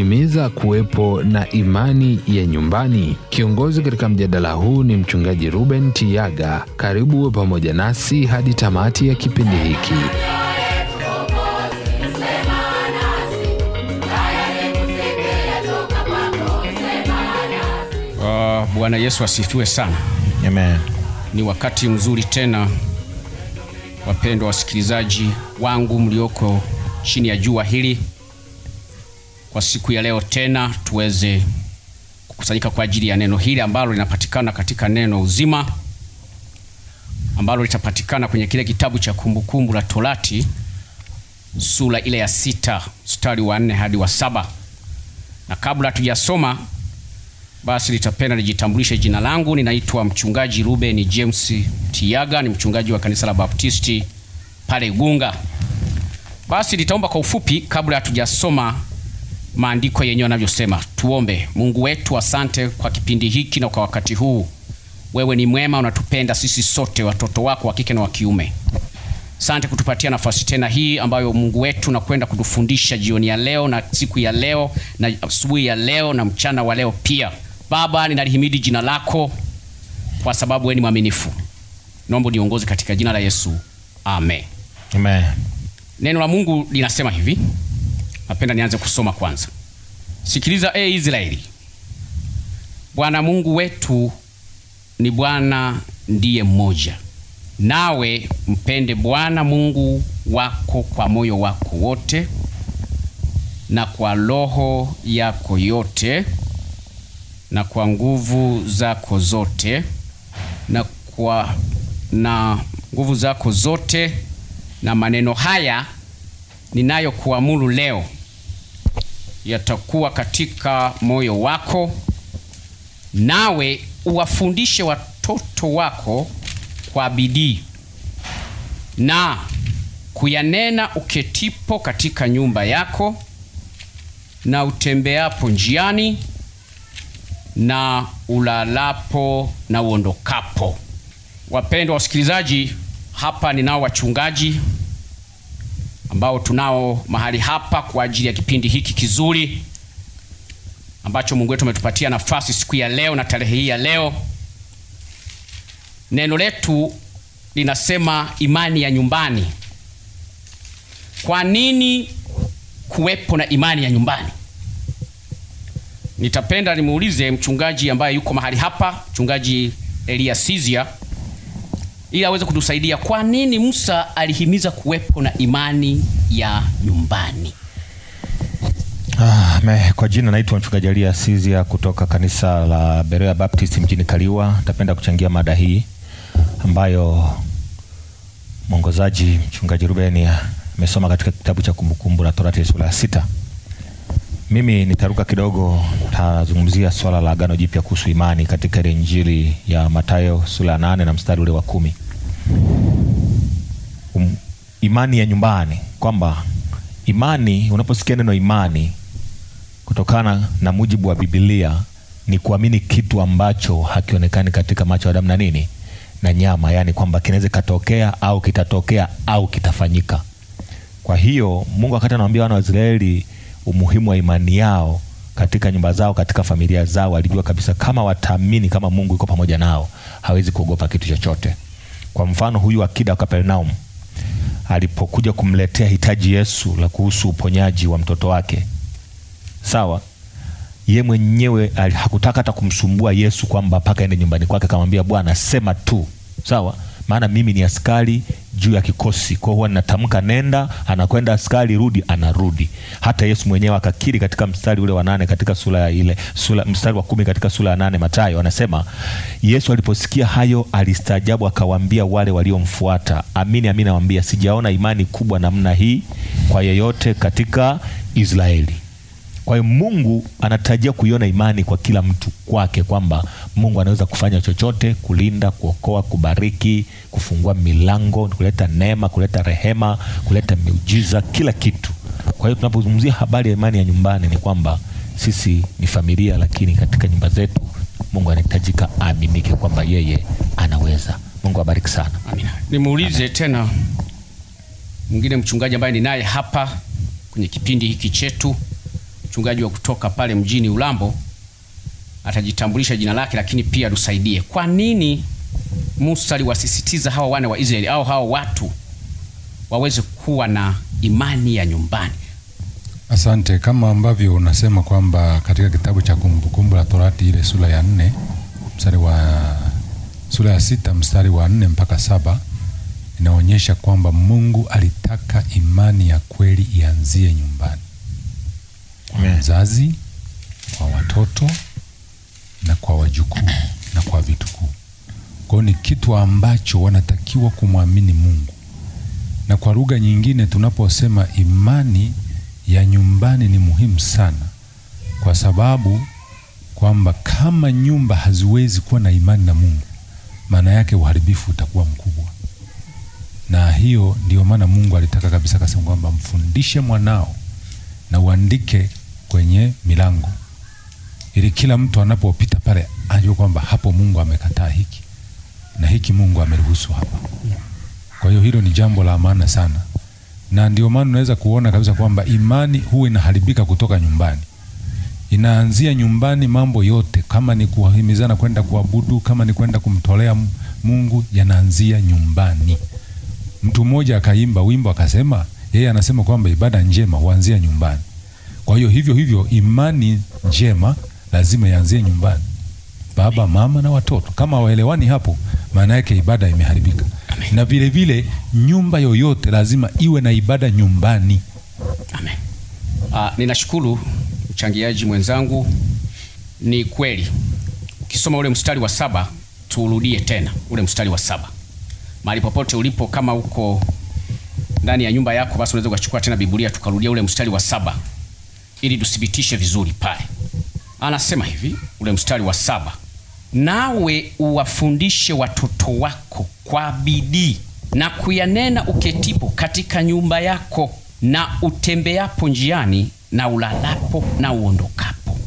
kuhimiza kuwepo na imani ya nyumbani. Kiongozi katika mjadala huu ni Mchungaji Ruben Tiaga. Karibu uwe pamoja nasi hadi tamati ya kipindi hiki. Uh, Bwana Yesu asifiwe sana. Amen. Ni wakati mzuri tena, wapendwa wasikilizaji wangu mlioko chini ya jua hili kwa siku ya leo tena tuweze kukusanyika kwa ajili ya neno hili ambalo linapatikana katika neno uzima ambalo litapatikana kwenye kile kitabu cha Kumbukumbu la Torati sura ile ya sita mstari wa nne hadi wa saba na kabla hatujasoma basi litapenda nijitambulishe. Jina langu ninaitwa mchungaji Ruben James Tiaga, ni mchungaji wa kanisa la Baptisti pale Igunga. Basi nitaomba kwa ufupi kabla hatujasoma maandiko yenyewe yanavyosema. Tuombe. Mungu wetu, asante kwa kipindi hiki na kwa wakati huu. Wewe ni mwema, unatupenda sisi sote watoto wako wa kike na wa kiume. Asante kutupatia nafasi tena hii ambayo Mungu wetu nakwenda kutufundisha jioni ya leo na siku ya leo na asubuhi ya leo na mchana wa leo pia. Baba, ninalihimidi jina lako kwa sababu wewe ni mwaminifu. Naomba niongoze katika jina la Yesu. Amen. Amen. Neno la Mungu linasema hivi Napenda nianze kusoma kwanza. Sikiliza e Israeli, Bwana Mungu wetu ni Bwana ndiye mmoja, nawe mpende Bwana Mungu wako kwa moyo wako wote na kwa roho yako yote na kwa nguvu zako zote na kwa na nguvu zako zote, na maneno haya ninayokuamuru leo yatakuwa katika moyo wako, nawe uwafundishe watoto wako kwa bidii na kuyanena uketipo katika nyumba yako na utembeapo njiani na ulalapo na uondokapo. Wapendwa wasikilizaji, hapa ninao wachungaji ambao tunao mahali hapa kwa ajili ya kipindi hiki kizuri ambacho Mungu wetu ametupatia nafasi siku ya leo na tarehe hii ya leo. Neno letu linasema imani ya nyumbani. Kwa nini kuwepo na imani ya nyumbani? Nitapenda nimuulize mchungaji ambaye yuko mahali hapa, mchungaji Elia Sizia ili aweze kutusaidia kwa nini Musa alihimiza kuwepo na imani ya nyumbani. Ah, me, kwa jina naitwa mchungaji Elia Sizia kutoka kanisa la Berea Baptist mjini Kaliwa. Napenda kuchangia mada hii ambayo mwongozaji mchungaji Ruben eh, amesoma katika kitabu cha Kumbukumbu la Torati sura ya sita. Mimi nitaruka kidogo, tazungumzia swala la Agano Jipya kuhusu imani katika ile Injili ya Mathayo sura ya nane na mstari ule wa kumi. Um, imani ya nyumbani, kwamba imani, unaposikia neno imani kutokana na mujibu wa Biblia ni kuamini kitu ambacho hakionekani katika macho ya damu na nini na nyama, yaani kwamba kinaweza katokea au kitatokea au kitafanyika. Kwa hiyo Mungu wakati anawambia wana wa Israeli umuhimu wa imani yao katika nyumba zao, katika familia zao. Walijua kabisa kama wataamini, kama Mungu yuko pamoja nao, hawezi kuogopa kitu chochote. Kwa mfano, huyu akida wa Kapernaum alipokuja kumletea hitaji Yesu la kuhusu uponyaji wa mtoto wake, sawa, ye mwenyewe hakutaka hata kumsumbua Yesu kwamba mpaka ende nyumbani kwake, akamwambia Bwana, sema tu, sawa, maana mimi ni askari juu ya kikosi. Kwa hiyo natamka nenda, anakwenda askari, rudi, anarudi. Hata Yesu mwenyewe akakiri katika mstari ule wa nane katika sura ya ile sura, mstari wa kumi katika sura ya nane Mathayo anasema, Yesu aliposikia hayo alistaajabu, akawaambia wale waliomfuata, amini amini nawaambia, sijaona imani kubwa namna hii kwa yeyote katika Israeli. Kwa hiyo Mungu anatarajia kuiona imani kwa kila mtu kwake, kwamba Mungu anaweza kufanya chochote, kulinda, kuokoa, kubariki, kufungua milango, kuleta neema, kuleta rehema, kuleta miujiza, kila kitu. Kwa hiyo tunapozungumzia habari ya imani ya nyumbani, ni kwamba sisi ni familia, lakini katika nyumba zetu Mungu anahitajika aaminike kwamba yeye anaweza. Mungu abariki sana. Amina. Nimuulize tena mwingine mchungaji ambaye ninaye hapa kwenye kipindi hiki chetu mchungaji wa kutoka pale mjini Ulambo atajitambulisha jina lake, lakini pia tusaidie, kwa nini Musa aliwasisitiza hawa wana wa Israeli au hawa watu waweze kuwa na imani ya nyumbani? Asante. Kama ambavyo unasema kwamba katika kitabu cha Kumbukumbu la Torati ile sura ya nne mstari wa sura ya sita mstari wa nne mpaka saba inaonyesha kwamba Mungu alitaka imani ya kweli ianzie nyumbani kwa mzazi, kwa watoto na kwa wajukuu na kwa vitukuu. Kwa hiyo ni kitu ambacho wanatakiwa kumwamini Mungu, na kwa lugha nyingine tunaposema imani ya nyumbani ni muhimu sana, kwa sababu kwamba kama nyumba haziwezi kuwa na imani na Mungu, maana yake uharibifu utakuwa mkubwa. Na hiyo ndiyo maana Mungu alitaka kabisa, akasema kwamba mfundishe mwanao na uandike kwenye milango, ili kila mtu anapopita pale ajue kwamba hapo Mungu amekataa hiki na hiki Mungu ameruhusu hapa. Kwa hiyo hilo ni jambo la maana sana, na ndio maana unaweza kuona kabisa kwamba imani huwa inaharibika kutoka nyumbani inaanzia nyumbani. Mambo yote kama ni kuhimizana kwenda kuabudu, kama ni kwenda kumtolea Mungu, yanaanzia nyumbani. Mtu mmoja akaimba wimbo akasema, yeye anasema kwamba ibada njema huanzia nyumbani. Kwa hiyo hivyo hivyo, imani njema lazima ianzie nyumbani, baba, mama na watoto. Kama waelewani hapo, maana yake ibada imeharibika. Amen. Na vile vile nyumba yoyote lazima iwe na ibada nyumbani. Amen. Ah, ninashukuru mchangiaji mwenzangu. Ni kweli ukisoma ule mstari wa saba, tuurudie tena ule mstari wa saba. Mahali popote ulipo, kama uko ndani ya nyumba yako, basi unaweza ukachukua tena Biblia tukarudia ule mstari wa saba ili tuthibitishe vizuri pale. Anasema hivi ule mstari wa saba, nawe uwafundishe watoto wako kwa bidii na kuyanena uketipo katika nyumba yako na utembeapo njiani na ulalapo na uondokapo.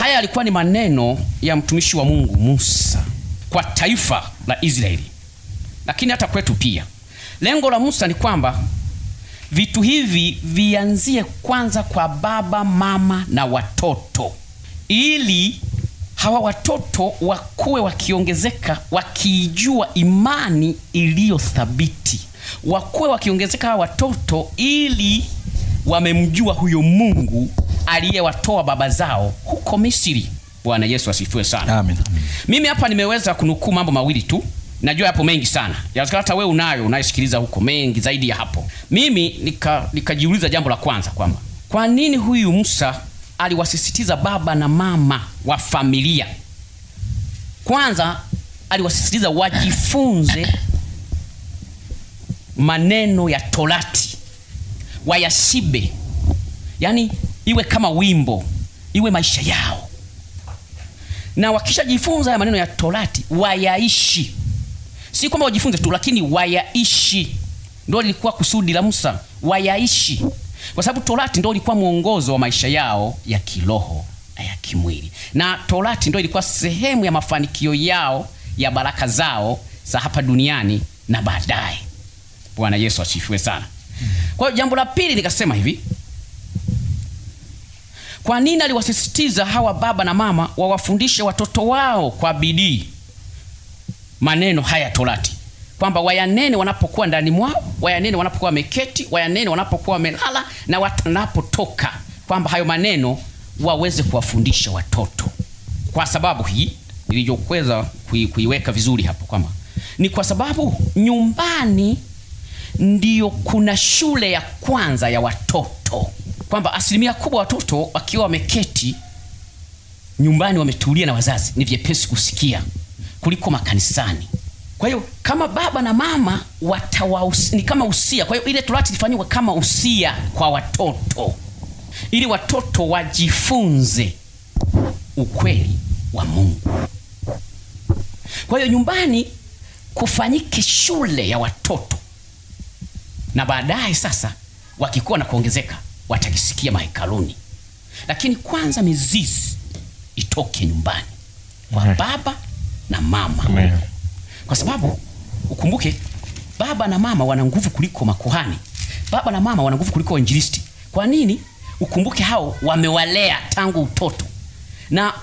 Haya yalikuwa ni maneno ya mtumishi wa Mungu Musa kwa taifa la Israeli, lakini hata kwetu pia. Lengo la Musa ni kwamba Vitu hivi vianzie kwanza kwa baba, mama na watoto, ili hawa watoto wakuwe wakiongezeka, wakiijua imani iliyo thabiti, wakuwe wakiongezeka hawa watoto, ili wamemjua huyo Mungu aliyewatoa baba zao huko Misri. Bwana Yesu asifiwe sana. Amen. Mimi hapa nimeweza kunukuu mambo mawili tu Najua yapo mengi sana, yawezekana hata wewe unayo unayesikiliza huko mengi zaidi ya hapo. Mimi nika nikajiuliza jambo la kwanza kwamba kwa nini huyu Musa aliwasisitiza baba na mama wa familia. Kwanza aliwasisitiza wajifunze maneno ya Torati, wayashibe, yaani iwe kama wimbo, iwe maisha yao, na wakishajifunza haya maneno ya Torati wayaishi si kwamba wajifunze tu lakini wayaishi ndo lilikuwa kusudi la musa wayaishi kwa sababu torati ndo ilikuwa mwongozo wa maisha yao ya kiroho na ya kimwili na torati ndo ilikuwa sehemu ya mafanikio yao ya baraka zao za hapa duniani na baadaye bwana yesu asifiwe sana kwa hiyo jambo la pili nikasema hivi kwa nini aliwasisitiza hawa baba na mama wawafundishe watoto wao kwa bidii maneno haya Torati, kwamba wayanene wanapokuwa ndani mwao, wayanene wanapokuwa wameketi, wayanene wanapokuwa wamelala na wanapotoka, kwamba hayo maneno waweze kuwafundisha watoto. Kwa sababu hii niliyokuweza kuiweka vizuri hapo, kwamba ni kwa sababu nyumbani ndiyo kuna shule ya kwanza ya watoto, kwamba asilimia kubwa watoto wakiwa wameketi nyumbani wametulia na wazazi, ni vyepesi kusikia kuliko makanisani. Kwa hiyo kama baba na mama watawaus, ni kama usia. Kwa hiyo ile torati ilifanywa kama usia kwa watoto, ili watoto wajifunze ukweli wa Mungu. Kwa hiyo nyumbani kufanyike shule ya watoto, na baadaye sasa wakikuwa na kuongezeka watakisikia mahekaluni, lakini kwanza mizizi itoke nyumbani kwa baba na mama Amen. Kwa sababu ukumbuke baba na mama wana nguvu kuliko makuhani, baba na mama wana nguvu kuliko wainjilisti. Kwa nini? Ukumbuke hao wamewalea tangu utoto, na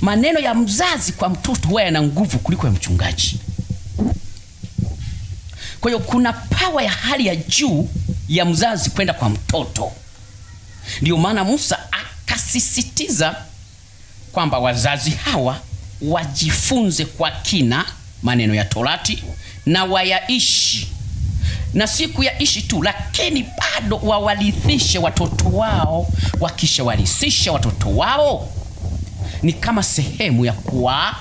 maneno ya mzazi kwa mtoto huwa yana nguvu kuliko ya mchungaji. Kwa hiyo kuna pawa ya hali ya juu ya mzazi kwenda kwa mtoto. Ndiyo maana Musa akasisitiza kwamba wazazi hawa wajifunze kwa kina maneno ya Torati na wayaishi, na ya ishi tu, lakini bado wawalithishe watoto wao. Wakishawalisisha watoto wao, ni kama sehemu ya kuwa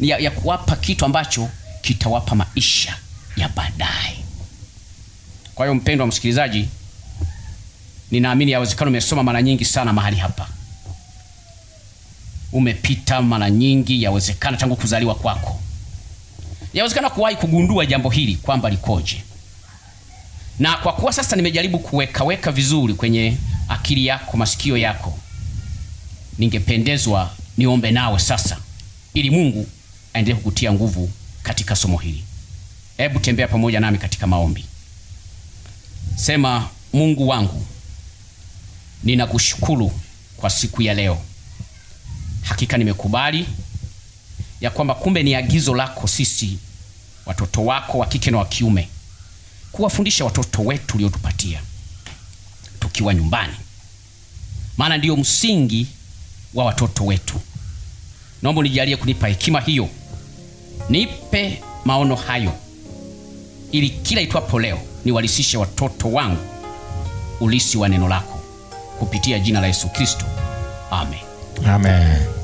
ya, ya kuwapa kitu ambacho kitawapa maisha ya baadaye. Kwa hiyo mpendwa msikilizaji, ninaamini yawezekano umesoma mara nyingi sana mahali hapa umepita mara nyingi, yawezekana tangu kuzaliwa kwako, yawezekana kuwahi kugundua jambo hili kwamba likoje. Na kwa kuwa sasa nimejaribu kuwekaweka vizuri kwenye akili yako, masikio yako, ningependezwa niombe nawe sasa, ili Mungu aendelee kukutia nguvu katika somo hili. Hebu tembea pamoja nami katika maombi. Sema, Mungu wangu, ninakushukuru kwa siku ya leo hakika nimekubali ya kwamba kumbe ni agizo lako sisi watoto wako wa kike na wa kiume kuwafundisha watoto wetu uliotupatia tukiwa nyumbani, maana ndiyo msingi wa watoto wetu. Naomba unijalie kunipa hekima hiyo, nipe maono hayo, ili kila itwapo leo niwalisishe watoto wangu ulisi wa neno lako kupitia jina la Yesu Kristo, amen. Amém.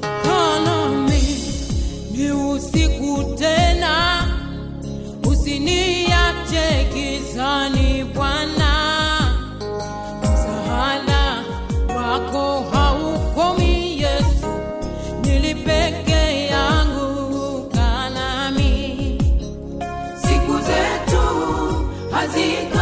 Worthy